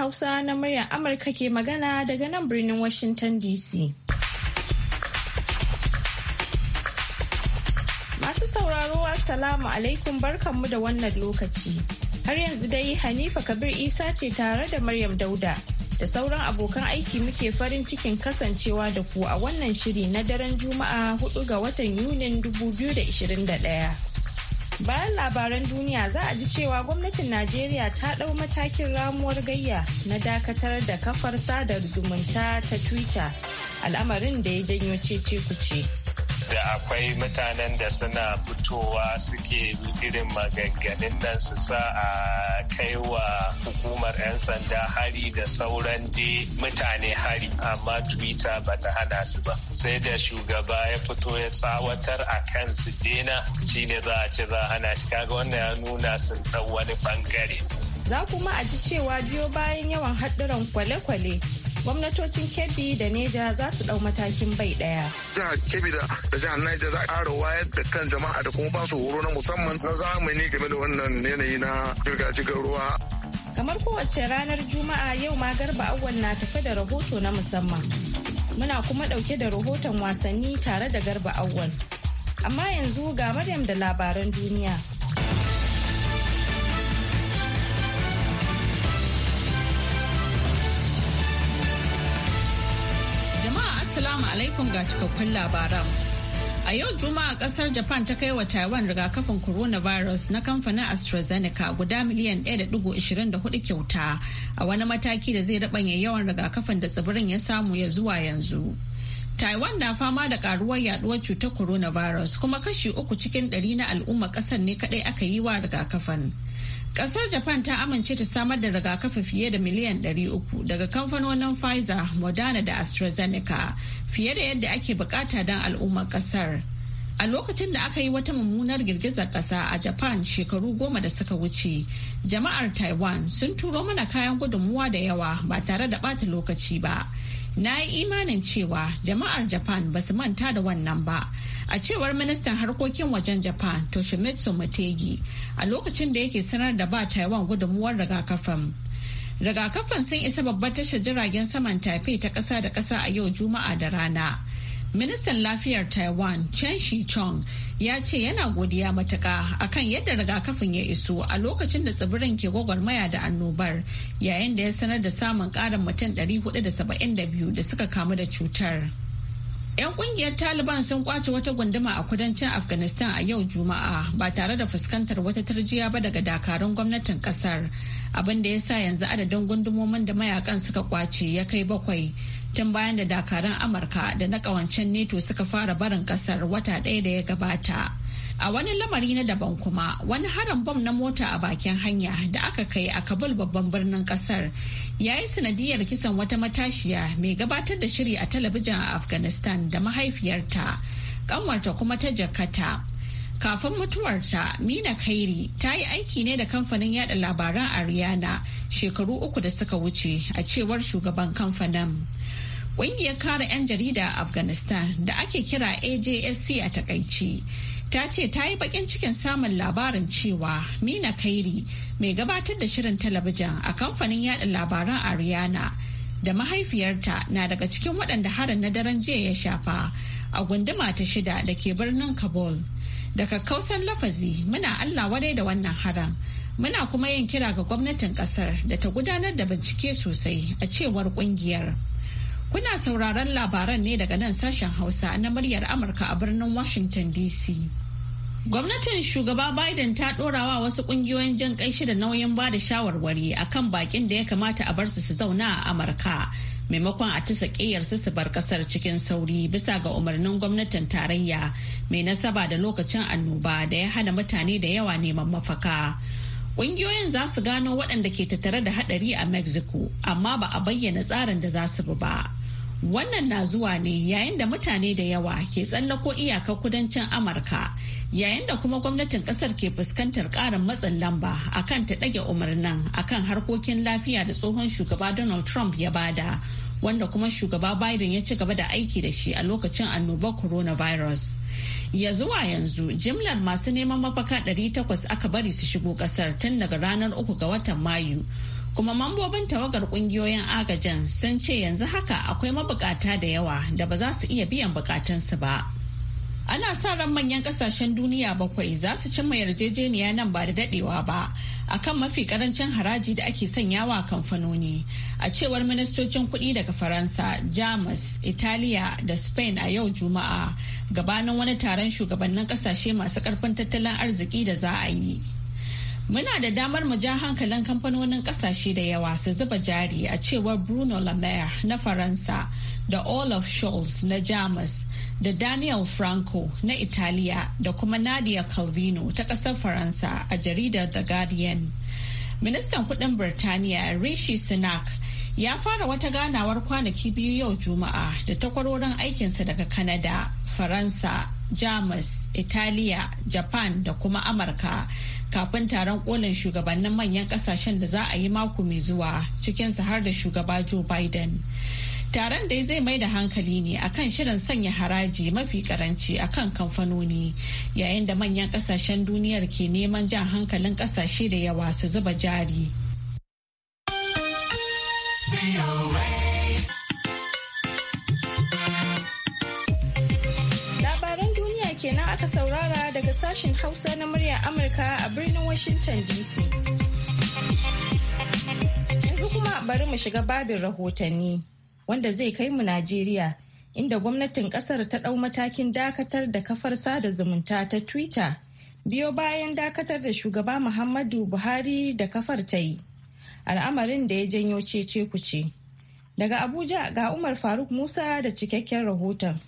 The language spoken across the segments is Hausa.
Hausa na muryar Amurka ke magana daga nan birnin Washington DC. Masu sauraro Assalamu alaikum barkanmu da wannan lokaci. Har yanzu dai Hanifa Kabir Isa ce tare da Maryam Dauda da sauran abokan aiki muke farin cikin kasancewa da ku a wannan shiri na daren Juma'a 4 ga watan Yunin 2021. Bayan labaran duniya za a ji cewa gwamnatin Najeriya ta ɗau matakin ramuwar gayya na dakatar da kafar sadar zumunta ta Twitter al'amarin da ya janyo cece kuce. da akwai mutanen da suna fitowa suke irin maganganun nan su sa a kai wa hukumar 'yan sanda hari da sauran dai mutane hari amma twitter ba ta hana su ba sai da shugaba ya fito ya tsawatar a kan su dena shine za a ci za a hana shi kaga wannan ya nuna sun ɗau wani bangare za kuma a ji cewa biyo bayan yawan haɗuran kwale-kwale gwamnatocin kebbi da neja za su dau matakin bai daya jihar kebbi da jihar neja za a ƙara wayar da kan jama'a da kuma ba su horo na musamman na zamani game da wannan yanayi na jirga-jirgar ruwa kamar kowace ranar juma'a yau ma garba awon na tafi da rahoto na musamman muna kuma dauke da rahoton wasanni tare da garba awon amma yanzu ga maryam da labaran duniya alaikum ga cikakkun labaran. A yau Juma'a kasar Japan ta kai wa Taiwan rigakafin coronavirus na kamfanin AstraZeneca guda miliyan 1.24 kyauta a wani mataki da zai rabanya yawan rigakafin da tsibirin ya samu ya zuwa yanzu. Taiwan na fama da karuwar yaduwar cutar coronavirus kuma kashi uku cikin ɗari na al'umma ƙasar ne kaɗai aka yi wa rigakafin. Kasar Japan ta amince ta samar da rigakafi fiye da miliyan 300 daga kamfanonin Pfizer, Moderna da AstraZeneca fiye da yadda ake bukata don al'ummar kasar. A lokacin da aka yi wata mummunar girgizar kasa a Japan shekaru goma da suka wuce, jama'ar Taiwan sun turo mana kayan gudunmuwa da yawa ba tare da bata lokaci ba. Na yi imanin cewa jama'ar Japan ba su manta da wannan ba. A cewar ministan harkokin wajen Japan Toshimitsu mategi a lokacin da yake sanar da ba Taiwan gudunmuwar rigakafin. Rigakafin sun isa babbar tashar jiragen saman Taipei ta kasa da kasa a yau Juma'a da rana. Ministan lafiyar Taiwan Chen Shi-chong ya ce yana godiya matuka akan yadda rigakafin ya iso a lokacin da tsibirin ke gwagwarmaya da annobar yayin da ya sanar da samun ƙarin mutum 472 da suka kamu da cutar. 'Yan kungiyar Taliban sun kwace wata gunduma a kudancin Afghanistan a yau Juma'a ba tare da fuskantar wata tarjiya ba daga dakarun gwamnatin kasar. Abin da ya sa yanzu adadin gundumomin da mayakan suka kwace ya kai bakwai tun bayan da dakarun Amurka da na kawancen NATO suka fara barin kasar wata ɗaya da ya gabata. A wani lamari na daban kuma wani harin bom na mota a bakin hanya da aka kai a Kabul babban birnin kasar ya yi sanadiyar kisan wata matashiya mai gabatar da shiri a talabijin a Afghanistan da mahaifiyarta, kanwarta kuma ta jakata. Kafin mutuwarta, Mina Kairi ta yi aiki ne da kamfanin yada labaran Ariana shekaru uku da suka wuce a cewar shugaban kamfanin. Ƙungiyar kare 'yan jarida a Afghanistan da ake kira AJSC a takaici. ta ce ta yi bakin cikin samun labarin cewa mina kairi mai gabatar da shirin talabijin a kamfanin yada labaran ariana da mahaifiyarta na daga cikin waɗanda harin na daren jiya ya shafa a gunduma ta shida da ke birnin kabul da kakkausan lafazi muna allah wadai da wannan haran muna kuma yin kira ga gwamnatin ƙasar da ta gudanar da bincike sosai a cewar ƙungiyar. Kuna sauraron labaran ne daga nan sashen Hausa na muryar Amurka a birnin Washington DC. Gwamnatin shugaba Biden ta ɗorawa wasu ƙungiyoyin jan ƙaishi da nauyin ba da shawarwari a kan baƙin da ya kamata a bar su su zauna a Amurka maimakon a tisa ƙiyarsu su bar ƙasar cikin sauri bisa ga umarnin gwamnatin tarayya mai nasaba da lokacin annoba da ya hana mutane da yawa neman mafaka. Ƙungiyoyin za su gano waɗanda ke tattare da haɗari a Mexico amma ba a bayyana tsarin da za su bi ba. Wannan na zuwa ne yayin da mutane da yawa ke tsallako iyakar kudancin Amurka yayin da kuma gwamnatin kasar ke fuskantar ƙarin matsin lamba akan ta ɗage umarnin akan harkokin lafiya da tsohon shugaba Donald Trump ya bada wanda kuma shugaba Biden ya ci gaba da aiki da shi a lokacin annobar coronavirus. Ya zuwa yanzu jimlar masu neman mafaka 800 aka bari su shigo ƙasar tun daga ranar uku ga watan Mayu. kuma mambobin tawagar kungiyoyin agajin sun ce yanzu haka akwai mabukata da yawa da ba za su iya biyan bukatunsu ba ana sa ran manyan kasashen duniya bakwai za su cimma yarjejeniya nan ba da dadewa ba akan mafi karancin haraji da ake sanyawa kamfanoni a cewar ministocin kuɗi daga faransa jamus italiya da spain a yau juma'a gabanin wani taron shugabannin kasashe masu karfin tattalin arziki da za a yi Muna da damar mu ja hankalin kamfanonin kasashe da yawa su zuba jari a cewar Bruno Lemaire na Faransa da Olaf Scholz na Jamus da Daniel Franco na Italiya da kuma Nadia Calvino ta ƙasar Faransa a jaridar The Guardian. Ministan kudin Birtaniya Rishi Sunak ya fara wata ganawar kwanaki biyu yau Juma'a da takwarorin aikinsa daga canada Faransa, Jamus, Italiya, Japan da kuma Amurka. kafin taron kolin shugabannin manyan kasashen da za a yi mako mai zuwa cikin har da shugaba joe biden taron dai zai mai da hankali ne akan shirin sanya haraji mafi karanci akan kamfanoni yayin da manyan kasashen duniyar ke neman jan hankalin kasashe da yawa su zuba jari. aka saurara daga sashen Hausa na murya Amurka a birnin Washington DC. Yanzu kuma bari mu shiga babin rahotanni wanda zai kai mu Najeriya inda gwamnatin kasar ta ɗau matakin dakatar da kafar sada zumunta ta Twitter biyo bayan dakatar da shugaba Muhammadu Buhari da kafar ta yi. Al'amarin da ya janyo cece ce, Daga Abuja ga Umar Faruk Musa da cikakken rahoton.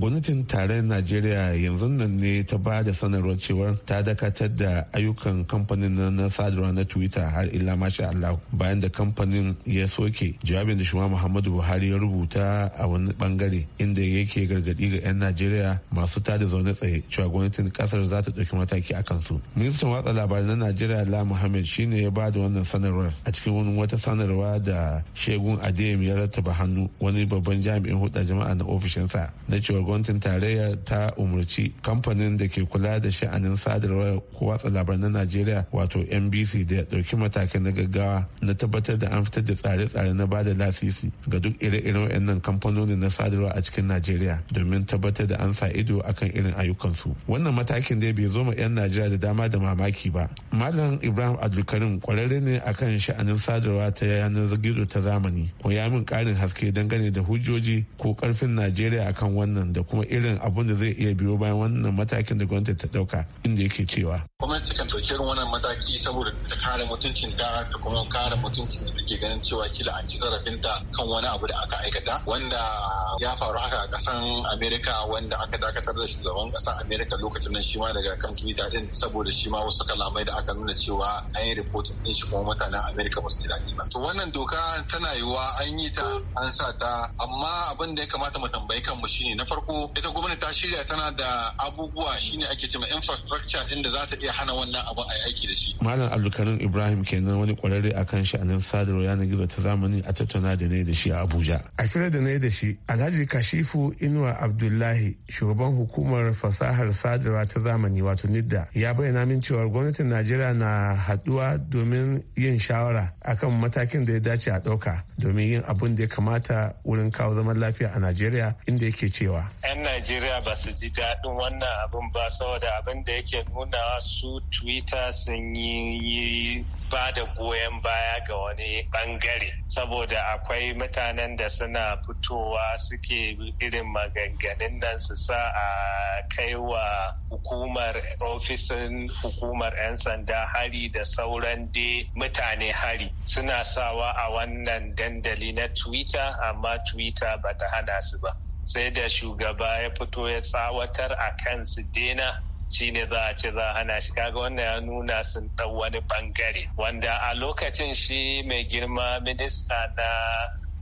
gwamnatin tarayyar najeriya yanzu nan ne ta ba da sanarwar cewar ta dakatar da ayyukan kamfanin na sadarwa na twitter har illa masha allah bayan da kamfanin ya soke jawabin da shuma muhammadu buhari ya rubuta a wani bangare inda yake gargadi ga 'yan najeriya masu tada zaune tsaye cewa gwamnatin kasar za ta ɗauki mataki a kansu ministan watsa labarai na najeriya la muhammad shine ya ba da wannan sanarwar a cikin wani wata sanarwa da shegun adeyemi ya rattaba hannu wani babban jami'in hulɗar jama'a na ofishinsa na cewa gwamnatin tarayya ta umarci kamfanin da ke kula da sha'anin sadarwar ko watsa labaran na najeriya wato nbc da ya ɗauki matakan na gaggawa na tabbatar da an fitar da tsare-tsare na bada lasisi ga duk ire-iren wayannan kamfanonin na sadarwa a cikin najeriya domin tabbatar da an sa ido akan irin ayyukansu wannan matakin dai bai zo ma 'yan najeriya da dama da mamaki ba malam ibrahim abdulkarim kwararre ne akan sha'anin sadarwa ta yanar gizo ta zamani ko ya min karin haske dangane da hujjoji ko karfin najeriya akan wannan da da kuma irin abun da zai iya biyo bayan wannan matakin da gwamnati ta dauka inda yake cewa gwamnati kan dauki irin wannan mataki saboda ta kare mutuncin da ta kuma kare mutuncin da take ganin cewa kila an ci zarafin ta kan wani abu da aka aikata wanda ya faru haka a kasan america wanda aka dakatar da shugaban kasan america lokacin nan shi daga kan twitter din saboda shi wasu kalamai da aka nuna cewa an yi reporting din shi kuma mutanen america ba su ji daɗi ba to wannan doka tana yiwuwa an yi ta an sa ta amma abin da ya kamata mu tambayi kanmu shine na farko farko ita gwamnati ta shirya tana da abubuwa shine ake cewa infrastructure din da za ta iya hana wannan abu a aiki da shi malam abdulkarim ibrahim kenan wani kwararre akan sha'anin sadarwa yanar gizo ta zamani a tattauna da ne da shi a abuja a kira da nayi da shi alhaji kashifu inuwa abdullahi shugaban hukumar fasahar sadarwa ta zamani wato nidda ya bayyana min cewa gwamnatin najeriya na haduwa domin yin shawara akan matakin da ya dace a ɗauka domin yin abun da ya kamata wurin kawo zaman lafiya a najeriya inda yake cewa 'yan najeriya ba su ji daɗin wannan abin ba saboda abin da yake nuna su twitter sun yi ba da goyon baya ga wani bangare saboda akwai mutanen da suna fitowa suke irin maganganun nan su sa a kai wa hukumar ofisin hukumar 'yan sanda hari da sauran dai mutane hari suna sawa a wannan dandali na twitter amma twitter ba ta hana su ba sai da shugaba ya fito ya tsawatar a kan su dena shine za a ce za a hana shi kaga wannan ya nuna sun ɗau wani ɓangare. wanda a lokacin shi mai girma minista na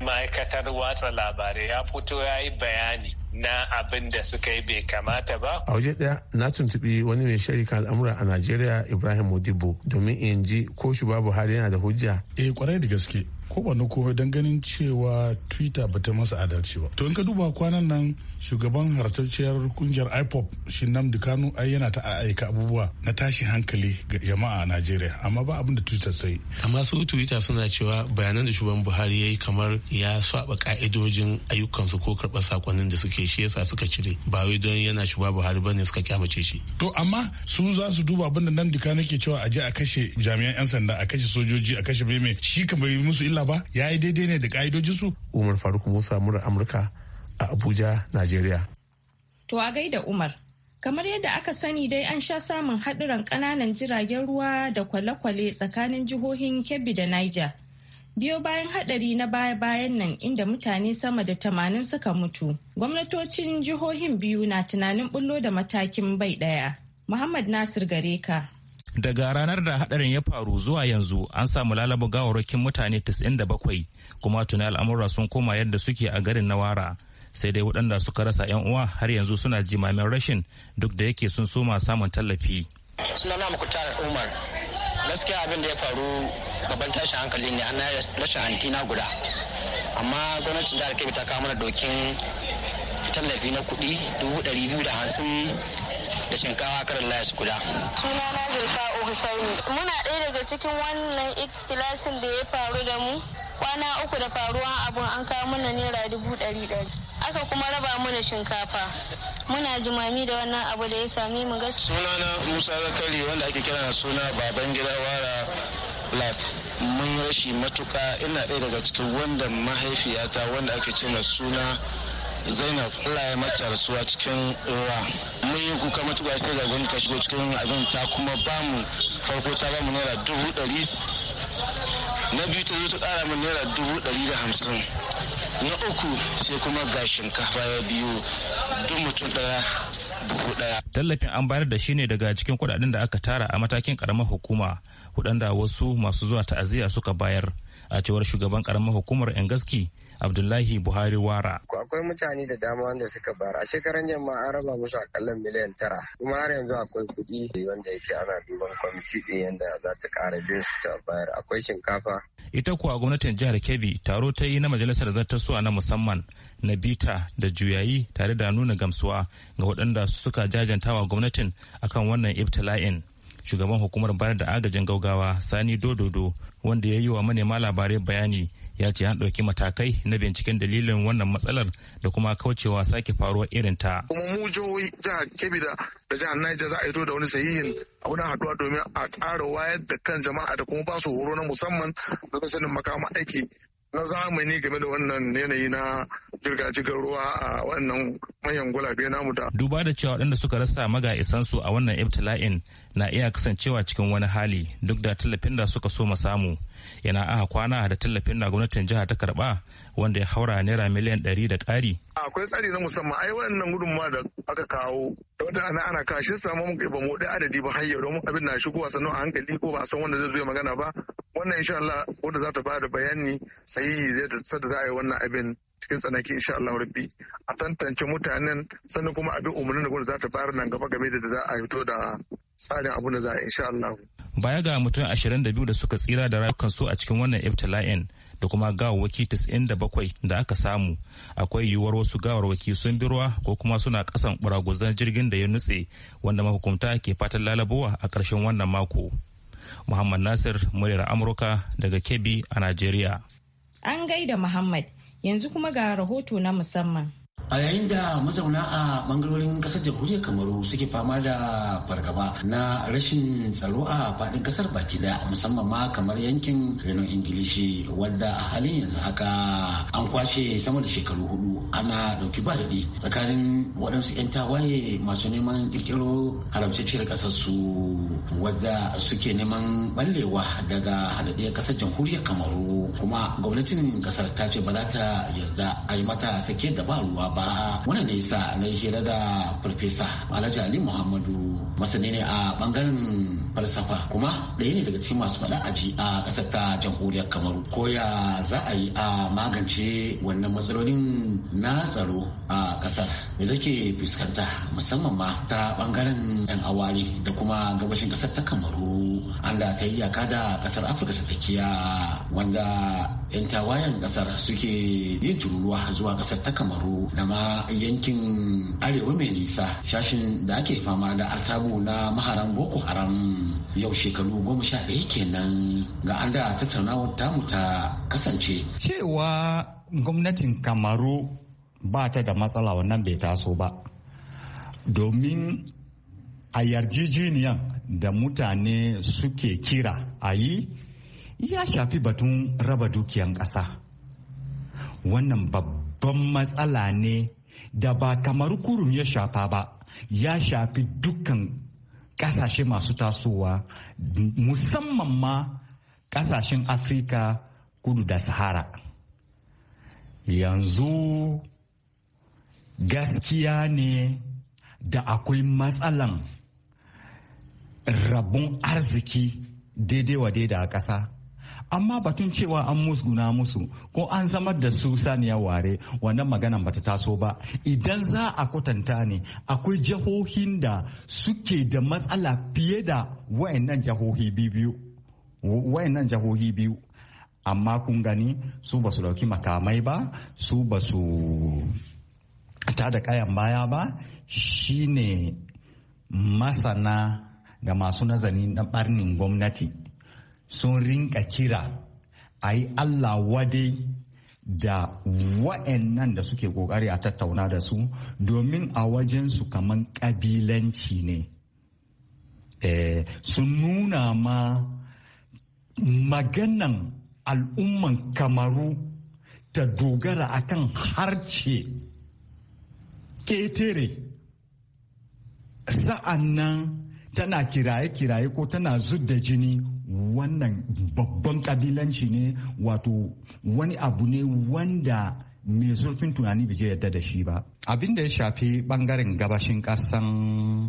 ma'aikatar watsa labarai ya fito ya yi bayani na abin da suka yi bai kamata ba. A waje ɗaya na tuntuɓi wani mai sharika al'amura a Najeriya Ibrahim Modibo domin in ji ko Shubabu Buhari yana da hujja. Eh kwarai da gaske ko kowane komai don ganin cewa twitter ba ta masa adalci ba to in ka duba kwanan nan shugaban hartacciyar kungiyar ipop shi namdi ai yana ta aika abubuwa na tashi hankali ga jama'a a najeriya amma ba abin da twitter sai amma su twitter suna cewa bayanan da shugaban buhari ya yi kamar ya saba ka'idojin ayyukansu ko karɓar sakonnin da suke shi yasa suka cire ba wai don yana shugaban buhari bane suka kyamace shi to amma su za su duba abin da namdi ke cewa a je a kashe jami'an 'yan sanda a kashe sojoji a kashe beme shi ka bai musu illa Allah ba ya yi daidai ne da ka'idojin su. umar faruk musa murar amurka a abuja najeriya to a gaida umar kamar yadda aka sani dai an sha samun haɗuran ƙananan jiragen ruwa da kwale-kwale tsakanin jihohin kebbi da niger biyo bayan haɗari na baya-bayan nan inda mutane sama da tamanin suka mutu gwamnatocin jihohin biyu na tunanin bullo da matakin bai ɗaya muhammad nasir gareka. daga ranar da hadarin ya faru zuwa yanzu an samu lalaba gawarwakin mutane 97 kuma tuni al'amura sun koma yadda suke a garin nawara sai dai waɗanda suka rasa 'yan uwa har yanzu suna jimamin rashin duk da yake sun soma samun tallafi sunana mukutar umar gaskiya abin da ya faru babban tashin hankali ne ana rashin antina guda amma gwamnatin da ta kawo mana dokin tallafi na kuɗi dubu ɗari biyu da hamsin da shinkawa karin layas guda. Sunana Zulfa'u Husaini. Muna ɗaya daga cikin wannan ikilasin da ya faru da mu. Kwana uku da faruwa abun an kawo mana naira dubu ɗari ɗari. Aka kuma raba mana shinkafa. Muna jimami da wannan abu da ya sami mu suna Sunana Musa Zakari wanda ake kira na suna gida Wara lab. mun rashi matuka ina ɗaya daga cikin wanda mahaifiyata wanda ake ce suna zainab allah ya mata rasuwa cikin ruwa mun yi kuka matuƙa sai da gwamnati ta shigo cikin abin ta kuma bamu farko ta bamu naira dubu ɗari na biyu ta zo ta ƙara mu naira dubu ɗari da hamsin na uku sai kuma ga shinkafa ya biyu duk mutum ɗaya buhu ɗaya. tallafin an bayar da shi ne daga cikin kuɗaɗen da aka tara a matakin ƙaramar hukuma waɗanda wasu masu zuwa ta'aziyya suka bayar a cewar shugaban ƙaramar hukumar 'yan gaski abdullahi buhari wara akwai mutane da dama wanda suka bar a shekaran jama'a an raba musu akalla miliyan tara kuma har yanzu akwai kuɗi wanda yake ana duban kwamiti ɗin yadda za ta ƙara bin su ta bayar akwai shinkafa ita kuwa gwamnatin jihar kebbi taro ta yi na majalisar zartaswa na musamman na bita da juyayi tare da nuna gamsuwa ga waɗanda suka jajantawa gwamnatin akan wannan ibtila'in shugaban hukumar bayar da agajin gaugawa sani dododo wanda ya yi wa manema labarai bayani ya ce an ɗauki matakai na binciken dalilin wannan matsalar da kuma kaucewa sake faruwar irin ta. kuma mu jihohi jihar kebbi da jihar niger za a yi da wani sahihin a wani haɗuwa domin a kara wayar da kan jama'a da kuma ba su horo na musamman don sanin makama aiki na zamani game da wannan yanayi na jirga-jirgar ruwa a wannan manyan gulabe namu da. Duba da cewa waɗanda suka rasa maga isansu a wannan ibtila'in na iya kasancewa cikin wani hali duk da tallafin da suka so samu yana aka kwana da tallafin da gwamnatin jiha ta karba wanda ya haura naira miliyan ɗari da ƙari. akwai tsari na musamman ai wannan gudunmawa da aka kawo wata ana ana kashe samu muka ba mu adadi ba hayyau don abin na shigowa sannan a hankali ko ba san wanda zai zo magana ba wannan insha Allah wanda za ta ba da bayani sahihi zai ta za a yi wannan abin cikin tsanaki insha Allah rabbi a tantance mutanen sannan kuma abin umarnin da gwamnati za ta bayar nan gaba game da za a fito da tsarin abu da za insha Allah. Baya ga mutum 22 da suka tsira da rayukansu a cikin wannan ibtila'in da kuma gawawwaki 97 da aka samu akwai yiwuwar wasu gawarwaki sun bi ruwa ko kuma suna kasan buraguzan jirgin da ya nutse wanda mahukunta ke fatan lalabowa a ƙarshen wannan mako. Muhammad Nasir muryar Amurka daga Kebbi a Najeriya. An gaida Muhammad yanzu kuma ga rahoto na musamman. a yayin da mazauna a bangarorin kasar jamhuriyar kamaru suke fama da fargaba na rashin tsaro a faɗin kasar baki daya musamman ma kamar yankin renon ingilishi wadda a halin yanzu haka an kwashe sama da shekaru hudu ana dauki ba daɗi tsakanin waɗansu 'yan tawaye masu neman kirkiro haramtacciyar kasar su wadda suke neman ballewa daga haɗaɗɗiyar kasar jamhuriyar kamaru kuma gwamnatin kasar ta ce ba za ta yarda a yi mata sake da ba ruwa ba ba wannan ne yasa na hira da farfesa alhaji ali muhammadu masani ne a bangaren falsafa kuma ɗaya ne daga cikin masu faɗa aji a ƙasar ta jamhuriyar kamaru koya ya za a yi a magance wannan matsalolin na tsaro a ƙasar da take fuskanta musamman ma ta ɓangaren 'yan awari da kuma gabashin ƙasar ta kamaru an da ta yi iyaka da ƙasar afirka ta tsakiya wanda 'yan tawayen ƙasar suke yin tururuwa zuwa ƙasar ta kamaru da ma yankin arewa mai nisa shashin da ake fama da artabu na maharan boko haram yau shekaru goma sha ɗaya kenan ga an da tattaunawar tamu ta kasance. Cewa gwamnatin Kamaru ba ta da matsala wannan bai taso ba. Domin a yarjejeniyan da mutane suke kira a yi ya shafi batun raba dukiyan ƙasa. Wannan babban matsala ne da ba kamaru kurum ya shafa ba, ya shafi dukkan kasashe masu tasowa musamman ma kasashen afirka kudu da sahara yanzu gaskiya ne da akwai matsalan rabon arziki daidai wa daidai a ƙasa amma batun cewa an musguna musu ko an zama da su saniya ware wannan magana bata taso ba idan za a kwatanta ne akwai jihohin da suke da matsala fiye da wayannan jihohi biyu wayannan jihohi biyu amma kun gani su ba su dauki makamai ba su ba su ta da kayan baya ba shine masana da masu nazari na barnin gwamnati sun rinka kira a yi allah wade da wa'annan da suke kokari a tattauna da su domin a wajen su kaman kabilanci ne eh, sun nuna ma maganan al'umman kamaru ta dogara akan harce ketare sa'an nan tana kiraye-kiraye ko tana zub da jini wannan babban kabilanci ne wato wani abu ne wanda mai zurfin tunani bai yadda da shi ba abin da ya shafi bangaren gabashin kasan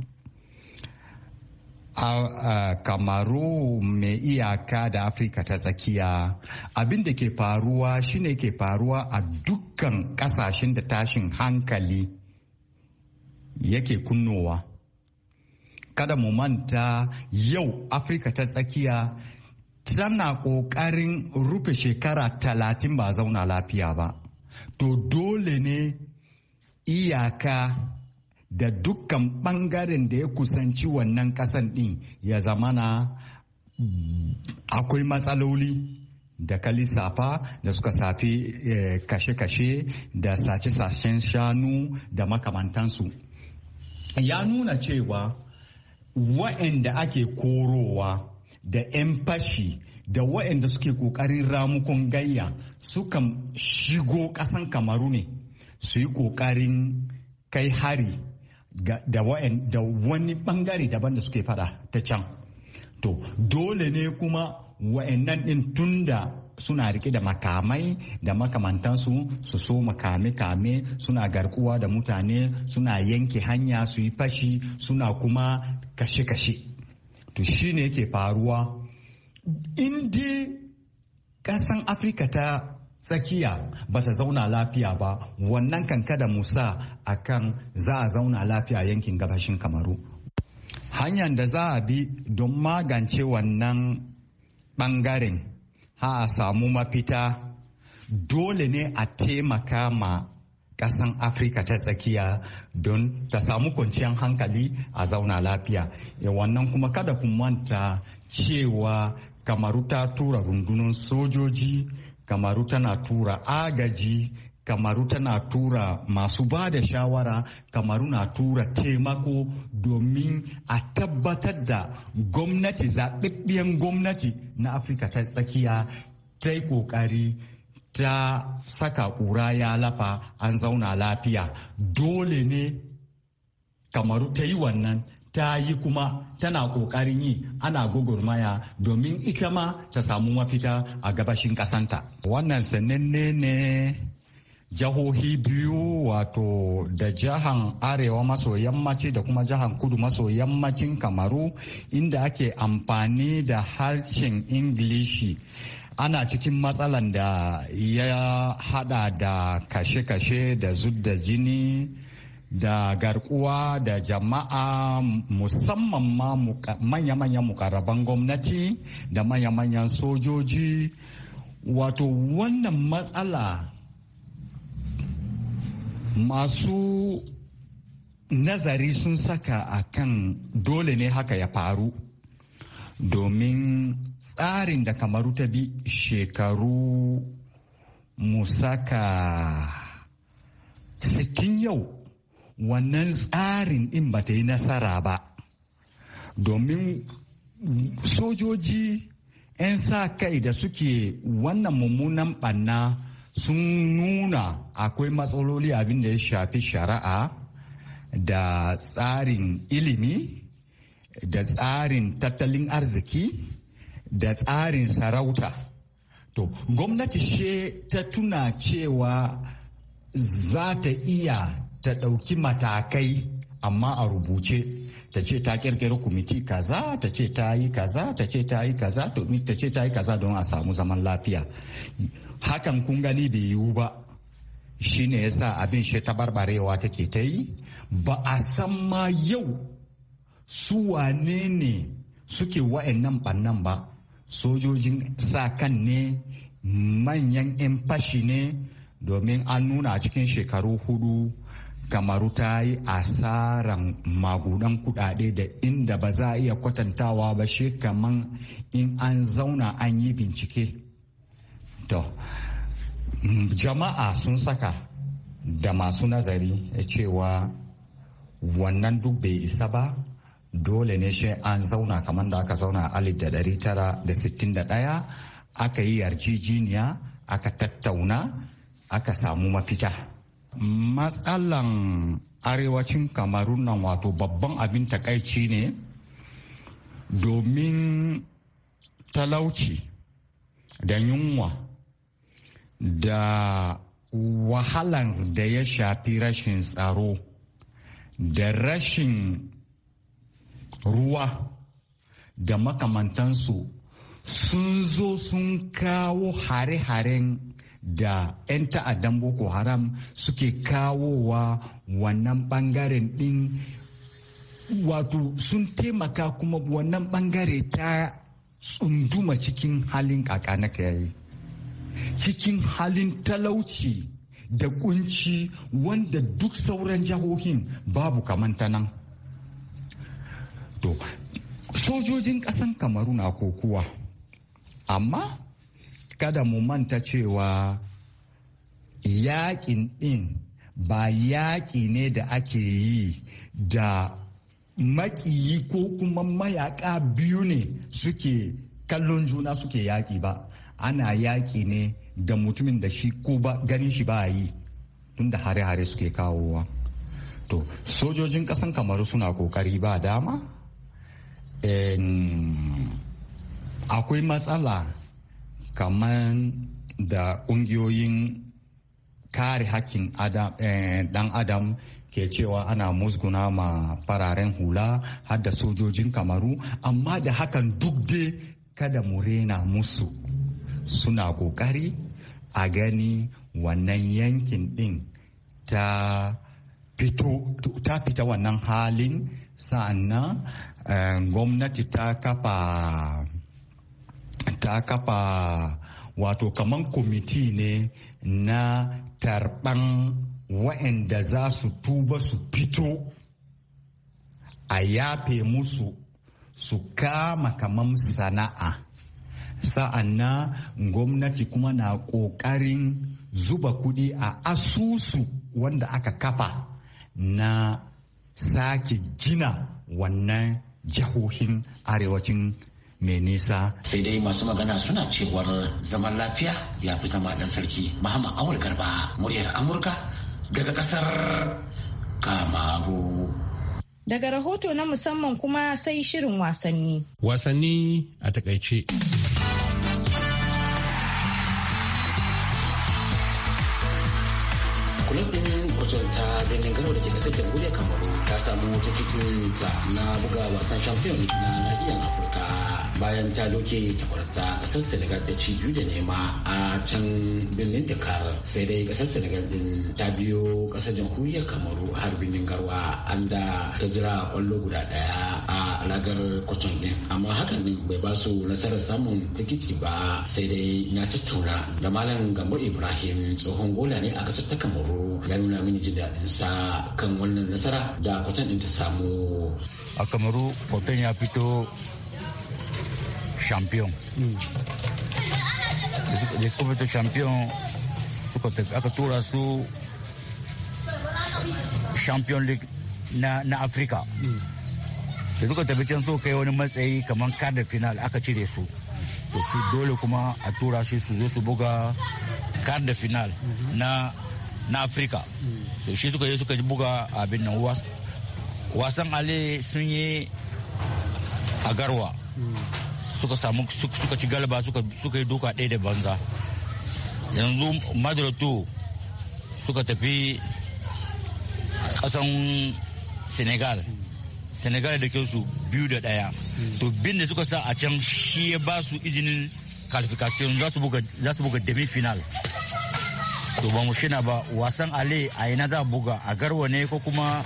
kamaru mai iyaka da afirka ta tsakiya abin da ke faruwa shine ke faruwa a dukkan kasashen da tashin hankali yake kunnowa kada mu manta yau afirka ta tsakiya tana ƙoƙarin rufe shekara talatin ba zauna lafiya ba to dole ne iyaka da dukkan ɓangaren da ya kusanci wannan ƙasan ɗin ya zamana akwai matsaloli da ka lissafa da suka safi eh, kashe-kashe da sace-sacen shanu da makamantansu ya nuna cewa wa'anda ake korowa da 'yan fashi da wa'anda suke ƙoƙarin ramukon gayya sukan shigo ƙasan kamaru ne su yi kokarin kai hari da wani ɓangare daban da suke fada ta can to dole ne kuma wa'annan ɗin tunda suna rike da makamai da makamantansu su so makame-kame suna garkuwa da mutane suna yanke hanya su yi fashi suna kuma kashe-kashe to shi ne yake faruwa indi kasan afirka ta tsakiya ba ta zauna lafiya ba wannan kankada musa mu za a zauna lafiya yankin gabashin kamaru hanyar da za a bi don magance wannan bangaren ha a samu mafita dole ne a taimaka ma kasan afirka ta tsakiya don ta samu kwanciyar hankali a zauna lafiya eh, wannan kuma kada ku manta cewa kamaru ta tura rundunar sojoji kamaru tana tura agaji kamaru tana tura masu ba da shawara kamaru na tura taimako domin a tabbatar da gwamnati zaɓiɓɓiyan gwamnati na afirka ta tsakiya ta yi ƙoƙari ta saka ƙura ya lafa an zauna lafiya dole ne kamaru ta yi wannan ta yi kuma tana ƙoƙarin yi ana gugurmaya domin ita ma ta samu mafita a gabashin ƙasanta wannan sananne ne jahohi biyu wato da jihan arewa maso yammaci da kuma jihar kudu maso yammacin kamaru inda ake amfani da harshen ingilishi ana cikin matsalan da ya hada da kashe-kashe da zub da jini da garkuwa da jama'a musamman ma manya-manyan mukarraban gwamnati da manya-manyan sojoji wato wannan matsala masu nazari sun saka akan dole ne haka ya faru domin tsarin da kamaru ta bi shekaru musaka sittin yau wannan tsarin in ba ta yi nasara ba domin sojoji 'yan sa kai da suke wannan mummunan banna sun nuna akwai matsaloli abin da ya shafi shari'a da tsarin ilimi da tsarin tattalin arziki da tsarin sarauta to gwamnati she ta tuna cewa za ta iya ta ɗauki matakai amma a rubuce ta ce ta kirkiri kumiti kaza ta ce ta yi kaza ta ce ta yi kaza ta ce ta yi kaza don a samu zaman lafiya hakan kun gani bai yiwu ba shine yasa abin shi ta barbarewa take ta yi ba a san ma yau su wane ne suke wa'annan bannan ba sojojin sa kan ne manyan 'yan fashi ne domin an nuna cikin shekaru hudu kamaru ta yi asaran magudan kudade da inda ba za a iya kwatantawa ba shi kaman in an zauna an yi bincike to jama'a sun saka da masu nazari cewa wannan duk bai isa ba dole ne shi an zauna kamar da aka zauna a 1961 aka yi yarjejeniya aka tattauna aka samu mafita matsalan arewacin kamarun nan wato babban abin takaici ne domin talauci da yunwa da wahalan da ya shafi rashin tsaro da rashin ruwa da makamantansu sun zo sun kawo hare-haren da 'yan ta'addan boko haram suke kawowa wannan bangaren din wato sun taimaka kuma wannan bangare ta tsunduma cikin halin kaka na kayayi cikin halin talauci da kunci wanda duk sauran jahohin babu kamanta nan to sojojin ƙasan kamaru na kokuwa amma kada mu manta cewa yaƙin ɗin ba yaƙi ne da ake yi da makiyi ko kuma mayaka biyu ne suke kallon juna suke yaƙi ba ana yaƙi ne da mutumin da shi ko ba ganin shi ba yi tunda hare-hare suke kawowa to sojojin ƙasan kamaru suna ƙoƙari ba dama akwai matsala kamar da ƙungiyoyin kare hakkin dan eh, adam ke cewa ana musguna ma fararen hula har da sojojin kamaru amma da hakan duk dai kada mu rena musu suna kokari a gani wannan yankin din ta fito fita wannan halin sannan. gwamnati ta kafa ta kafa wato kaman kwamiti ne na tarban wa'anda za su tuba su fito a yafe musu su kama kaman sana'a sa'annan gwamnati kuma na ƙoƙarin zuba kuɗi a asusu wanda aka kafa na sake gina wannan jihohin arewacin mai nisa. Sai dai masu magana suna cewar zaman lafiya ya fi zama ɗan sarki. Muhammad Awul Garba, muryar Amurka daga ƙasar Kamaru. Daga rahoto na musamman kuma sai shirin wasanni. Wasanni a takaice. Kulub ɗin kwatanta birnin gano da ke kasar jamhuriyar kamaru ta samu tikitin ta na buga wasan champion na nahiyar afirka bayan ta doke takwarta kasar senegal da ci biyu da nema a can birnin dakar sai dai kasar senegal din ta biyo kasar jamhuriyar kamaru har harbin garwa an da ta zira kwallo guda daya a ragar kwacon din amma hakan ne bai ba su nasarar samun tikiti ba sai dai na tattauna da malam gambo ibrahim tsohon gola ne a kasar ta kamaru ya nuna mini jin daɗin bisa kan wannan nasara da kwatan din ta samu a kamaru kwatan ya fito champion hmm. da suka fito champion aka tura su champion league na, na afirka hmm. da suka tafi can so kai wani matsayi kamar kada final aka cire su to shi dole kuma a tura shi su zo su buga kada final hmm. na na afirka to shi suka yi suka buga abin nan wasan ale sun yi a garwa suka samu suka ci galaba suka yi duka ɗaya da banza yanzu madrato suka tafi ƙasan senegal senegal da ke su biyu da ɗaya to bin da suka sa a can shi ya ba su izinin kalifikasiyon za su buga demi final to ba mu shina ba wasan ale a ina za buga a garwa ne ko kuma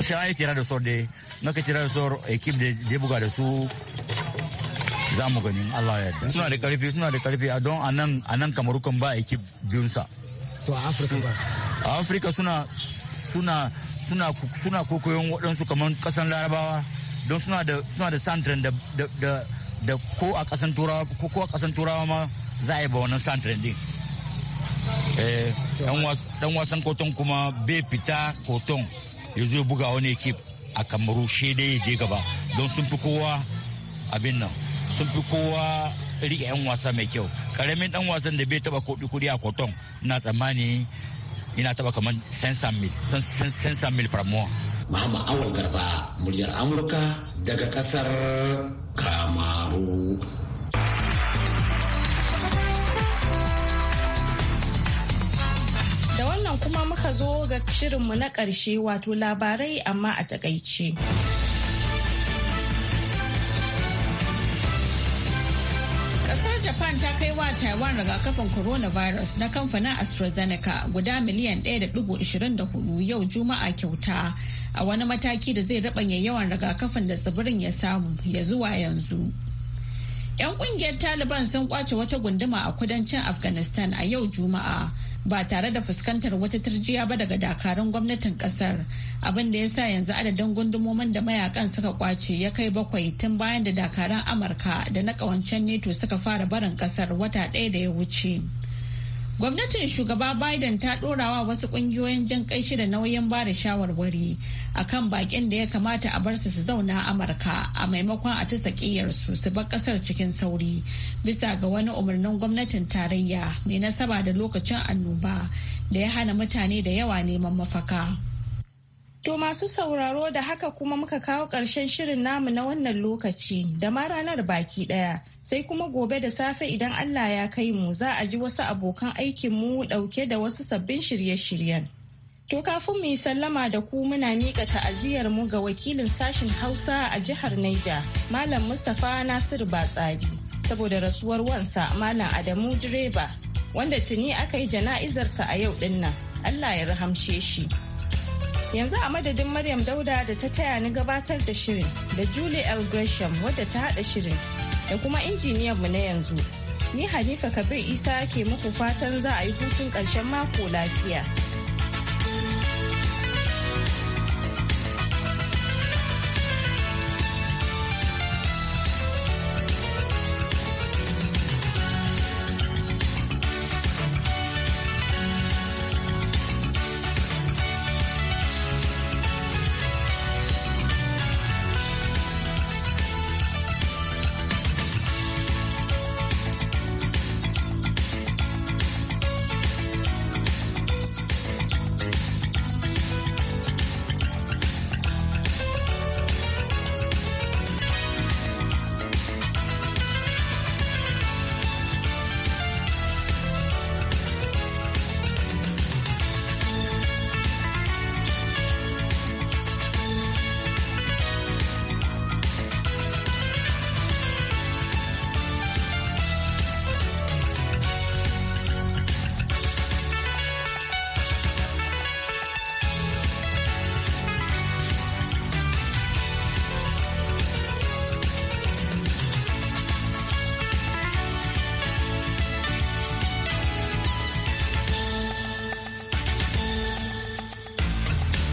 shi ayi kira da sor de ka kira da sor ekip da je buga da su za mu gani Allah ya yarda suna da karfi suna da karfi a don anan anan kamar kun ba ekip biyun sa to a Afirka ba a suna suna suna suna kokoyon waɗansu kamar ƙasan larabawa don suna da suna da santren da da da ko a ƙasan turawa ko a ƙasan turawa ma za a yi ba wannan santren din Eh, dan wasan koton kuma bai fita koton ya zo buga wani ekip a kamaru shi dai ya je gaba don sun fi kowa abin nan sun fi kowa rike 'yan wasa mai kyau karamin dan wasan da bai taba kudi kudi a koton na tsammani ina taba kamar sensan mil sensan mil pramuwa Muhammad Awal Garba, muryar Amurka daga kasar Kamaru. muka zo ga shirinmu na ƙarshe wato labarai amma a takaice. Ƙasar Japan ta kai wa Taiwan rigakafin coronavirus na kamfanin AstraZeneca guda miliyan 1.24 yau Juma'a kyauta a wani mataki da zai rabanya yawan rigakafin da tsibirin ya samu ya zuwa yanzu. 'Yan ƙungiyar Taliban sun kwace wata gunduma a kudancin Afghanistan a yau Juma'a. ba tare da fuskantar wata turjiya ba daga dakarun gwamnatin kasar abin da ya sa yanzu adadin gundumomin da mayakan suka kwace ya kai bakwai tun bayan da dakaran amurka da na kawancen neto suka fara barin kasar wata ɗaya da ya wuce. Gwamnatin shugaba Biden ta ɗorawa wasu ƙungiyoyin jan ƙanshi da nauyin ba da shawarwari a kan baƙin da ya kamata a bar su su zauna Amurka a maimakon a ta sakiyarsu su bar ƙasar cikin sauri bisa ga wani umarnin gwamnatin tarayya mai nasaba da lokacin annoba da ya hana mutane da yawa neman mafaka. To masu sauraro da haka kuma muka kawo ƙarshen shirin namu na wannan lokaci da ma ranar baki ɗaya. Sai kuma gobe da safe idan Allah ya kai mu za a ji wasu abokan aikinmu ɗauke da wasu sabbin shirye-shiryen. To kafin mu yi sallama da ku muna miƙa ta'aziyar mu ga wakilin sashen Hausa a jihar Niger, Malam Mustapha Nasiru Batsari, saboda rasuwar wansa Malam Adamu Direba, wanda tuni aka yi jana'izarsa a yau ɗin Allah ya rahamshe shi. Yanzu a madadin Maryam Dauda da ta taya ni gabatar da shirin da Julie L. Gresham wadda ta haɗa shirin da kuma injiniyan mu na yanzu. Ni Hanifa Kabir Isa ke muku fatan za a yi hutun ƙarshen mako lafiya.